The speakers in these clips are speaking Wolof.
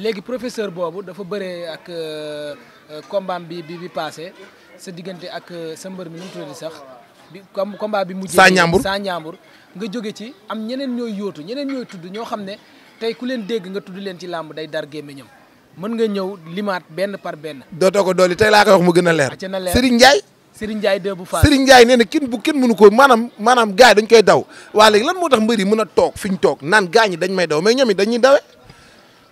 léegi professeur boobu dafa bëree ak euh, euh, combat bi bi bi passé sa diggante ak euh, sa mbër mi nu mu tuddati sax bi comme combat bi. mujjee saa ñaambur saa ñaambur nga jóge ci am ñeneen ñooy yóotu ñeneen ñooy tudd ñoo xam ne tey ku leen dégg nga tudd leen ci làmb day dar gémmiñam mën nga ñëw limaat benn par benn. dootoo ko dolli tey laa koy wax mu gën a leer. Serigne Ndiaye. Serigne Ndiaye deux bu Fass Serigne Ndiaye nee na kenn bu kenn mënu ko maanaam maanaam gars yi dañ koy daw waa léegi lan moo tax mbër yi mën a toog fi ñu toog naan gars ñi dañ may daw may ñoom it dañuy dawe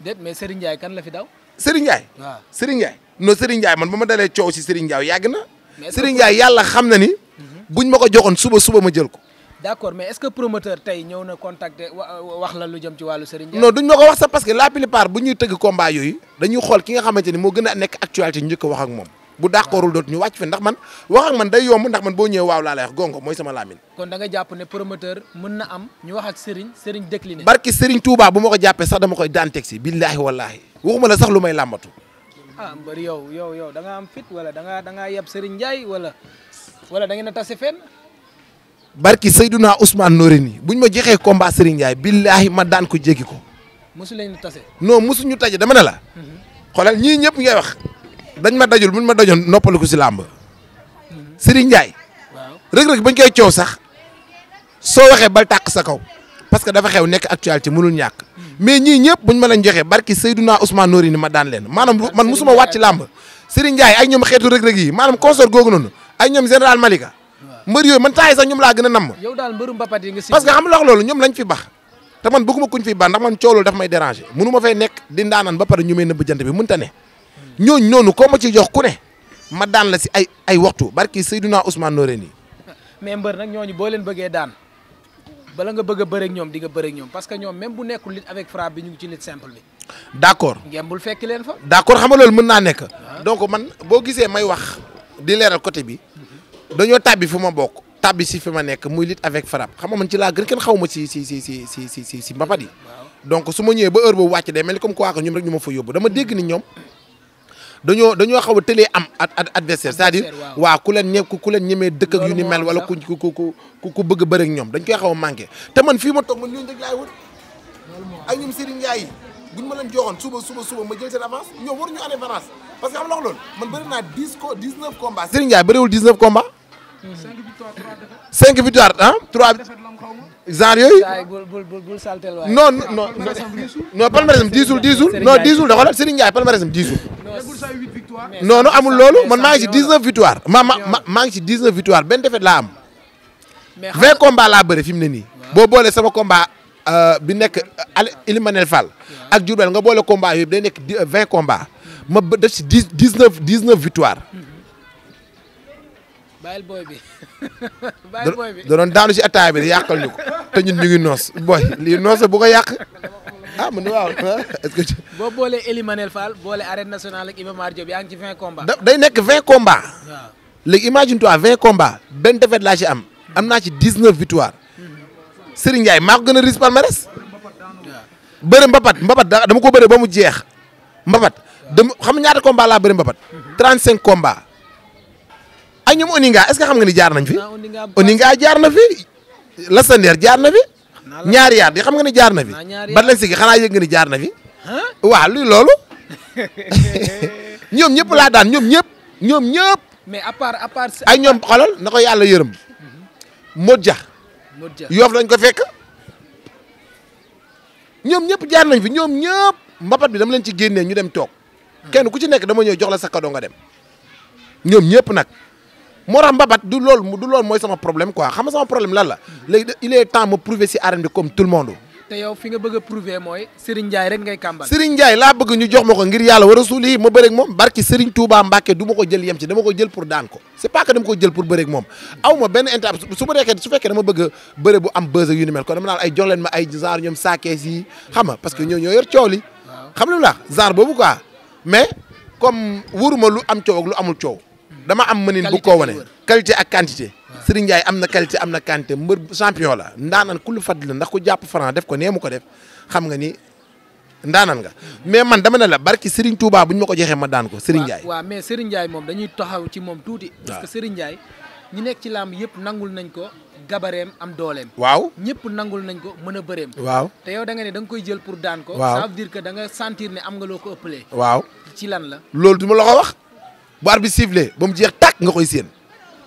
déet mais Serigne Ndiaye kan la fi daw. Serigne Ndiaye. waaw Serigne Ndiaye non Serigne Ndiaye man ba ma dalee coow si Serigne Ndiaye yàgg na. mais Serigne Ndiaye yàlla xam na ni. Mhm. buñ ma ko joxoon suba suba ma jël ko. d' accord mais est ce que promoteur tey ñëw na contacter wax la lu jëm ci wàllu Serigne Ndiaye. non duñ ma ko wax sax parce que la plupart bu ñuy tëgg combat yooyu dañuy xool ki nga xamante ni moo gën a nekk actualité ñu njëkk wax ak moom bu d'accordul dootu ñu wàcc fi ndax man wax ak man day yomb ndax man boo ñëwee waaw laa lay wax gongo mooy sama laamin kon da nga jàpp ne promoteur mën na am ñu wax ak Serigne Serigne décliné barki Serigne Touba bu ma ko jàppee sax dama koy daan teg si billaahi wallaahi waxuma la sax lu may làmbatu ah yow yow yow da nga am fit wala da da ngaa yeb Serigne Ndiaye wala wala da ngeen a tase fenn barki Seydouna Ousmane Noreyni buñ ma joxee combat Serigne Ndiaye billaahi ma daan ko jéggi ko mosu leen tase noo non ñu taje dama ne la mhm. xoolal ñii ñëpp ngay dañ ma dajul buñ ma dajoon noppaliku si làmb Serigne Ndiaye. Reug Reug bañ koy coow sax soo waxee bal tàq sa kaw parce que dafa xew nekk actualité mënul ñàkk hmm. mais ñii ñëpp buñ ma lañ joxee barki Seydouna Ousmane Nouri ni ma daan leen maanaam man musuma wàcc làmb Serigne Ndiaye ay ñoom xeetu Reug Reug yi maanaam consort googu noonu ay ñoom général Malika mbër yooyu man taay ñoom laa gën a si. parce que xam nga loolu ñoom lañ fi bax te man bëgguma kuñ fi baax may déranger mënu ma nekk di ba pare ñu may nëbb jant bi mënta ne ñooñu noonu koo ma ci jox ku ne ma daan la si ay ay waxtu barki Seydina Ousmane Noreyni. mais mbër nag ñooñu boo leen bëggee daan bala nga bëgg a ñoom di nga bëreeg ñoom parce que ñoom même bu nekkul lutte avec frappe bi ñu ngi ci lutte simple bi. d' accord leen fa. d' accord xam nga mën naa nekk. Ah. donc man boo gisee may wax di leeral côté bi mhm. dañoo tàbbi fu ma bokk. tàbbi si fi nekk muy lutte avec frappe xam nga xaw ma si si si si si si si mbapat yi donc su ma ñëwee ba ma fa yóbbu dama dégg ni ñoom dañoo dañoo xaw a tëlee am ad adversaire c'est-à-dire waaw ku leen ñe ku ñemee dëkk yu ni mel wala ku ku ku ku bëgg dañ koy xaw a manqué te man fii ma toog man ñooñu rek laay wër ay ñoom Serigne Ndiaye yi buñ ma leen joxoon suba suba suba ma jël seen avance ñoom waruñu am avance parce que xam lox loolu man bëri naa dix ko dix neuf combats Serigne Ndiaye bëriwul dix neuf combats hmm. cinq victoire ah trois genre yooyu. saa yi bul bul bul saltel waay. non non ah, non non amul loolu man maa ngi ci 19 victoire ma ma ma maa ngi ci 19 victoire benn défaite laa am. mais 20 combats laa bëre fi mu ne nii. boo boolee sama combat euh, bi nekk euh, Aliou Ilimanel Fall. ak Diourbel nga boole combat yooyu day nekk 20 euh, combats. ma ba def ci 10 19 19 victoire. bàyyil booy bi bàyyil booy bi. ta doon daanu ci ñu ko te ñu ngi noos booy lii noos bu ko yàq. ah man waaw ah, est boole que. boo boole arène national ak Iba Mar Diop yaa ngi ci 20 combats. day nekk 20 combats. waaw léegi imagine toi 20 combats benn défaite laa ci am am naa ci 19 victoires hmm. Serigne Ndiaye maa ko gën a riche palmarès. bëri mbapat mbapat dama ko bëri ba mu jeex mbapat dama xam ñaata combats laa bëri mbapat. 35 hmm. combats. ak ñoom Oninga est-ce que xam nga ni jaar nañ fi. Oninga jaar na fi. Lassander jaar na fi. ñaari yaar di xam nga ni jaar na fi. bat lañ sigi xanaa yëg nga ni jaar na fi. waaw luy loolu. ñoom ñëpp laa daan ñoom ñëpp. ñoom ñëpp. mais à part à part. ay ñoom xolal na ko yàlla yërëm. Mhm. Modja. Modja yoof lañ ko fekk. ñoom ñëpp jaar nañ fi ñoom ñëpp. mbapat bi dama leen ci génnee ñu dem toog. Hmm. kenn ku ci nekk dama ñëw jox la sa cadeau nga dem. ñoom ñëpp nag. moo tax mbabat du loolu du loolu mooy sama problème quoi xam nga sama problème lan la léegi il est temps ma prouver si arène bi comme tout le monde. te yow fi nga bëgg a prouver laa bëgg ñu jox ma ko ngir yàlla war a suul yi ma bëreeg moom barki Serigne Touba Mbacke du ma ko jël yem ci dama ko jël pour daan ko c'est pas que dama ko jël pour bëreeg moom aw ma benn inter su ma deekee su fekkee dama bëgg a bëre bu am buzz yu ni mel kon dama naan ay jox leen ma ay genre ñoom saakees yi xam nga parce que ñoo ñoo yor xam nga lu ma boobu quoi mais comme wóoruma lu am coow ak amul coow dama am mënin bu koo wane qualité ak quantité Serigne Ndiaye am na qualité am na quantité mbër champion la ndaanan ku lu la ndax ko jàpp franc def ko nee mu ko def xam nga ni ndaanan nga mais man dama ne la barki Serigne Touba bu ñu ma ko joxee ma daan ko Serigne Ndiaye waaw mais Serigne moom dañuy taxaw ci moom tuuti parce que Serigne ñu nekk ci làmb yëpp nangul nañ ko gabareem am dooleem waaw ñëpp nangul nañ ko mën a bëreem waaw te yow da nga ne da nga koy jël pour daan ko ça veut que da nga sentir ne am nga loo ko ëppalee waaw ci lan la loolu du la ko wax bu arbitre sifflé ba mu jeex tàkk nga koy séen.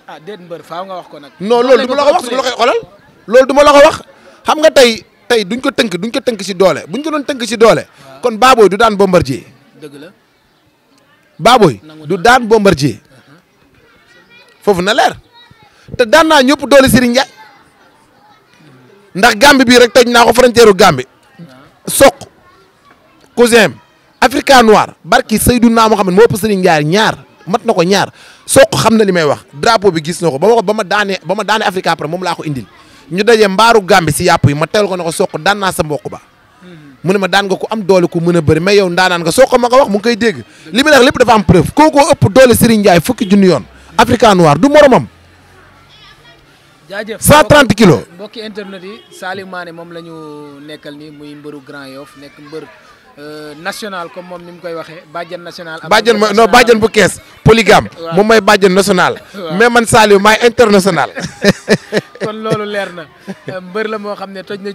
ah déet mbër faaw wax ko nag. non lool du ma wax du loolu du la ko wax xam nga tey tey duñ ko tënk duñ ko tënk si doole buñ ko doon tënk si doole. Ah. kon Baboy du daan Bombardier. dëgg la. Baboy du daan Bombardier uh-huh. foofu na leer te daan naa ñëpp doole Serigne Ndiaye ndax Gambie bii rek toj naa ko frontière Gambie ah. soq cousin Africa noir barki Seydou naa moo xam ne moo ëpp Serigne Ndiaye ñaar. mat na ko ñaar soq xam na li may wax drapeau bi gis na ko ba ma ko ba ma daanee ba ma daanee Afrique après moom laa ko indil ñu dajee mbaaru gambi si yàpp yi ma tegal ko na ko soq daan naa sa ba hmm. mu ne ma daan nga ko am doole ku mën a bëri mais yow ndaanaan nga soq ma ko wax mu ngi koy dégg li mu ne lépp dafa am preuve kookoo ëpp doole Serigne Ndiaye fukki junni yoon Africa Noir du moromam jaajëf 130 kilos mbokki internet yi Saliou Mané moom la ñu nekkal ni muy mbëru Grand Yoff nekk mbër Euh, national comme moom ni mu koy waxee bàjjen national. bàjjen ma non bàjjen bu kees polygame. waaw moom mooy bàjjen national. mais man Saliou maay kon loolu leer na euh, mbër la moo xam ne toj na.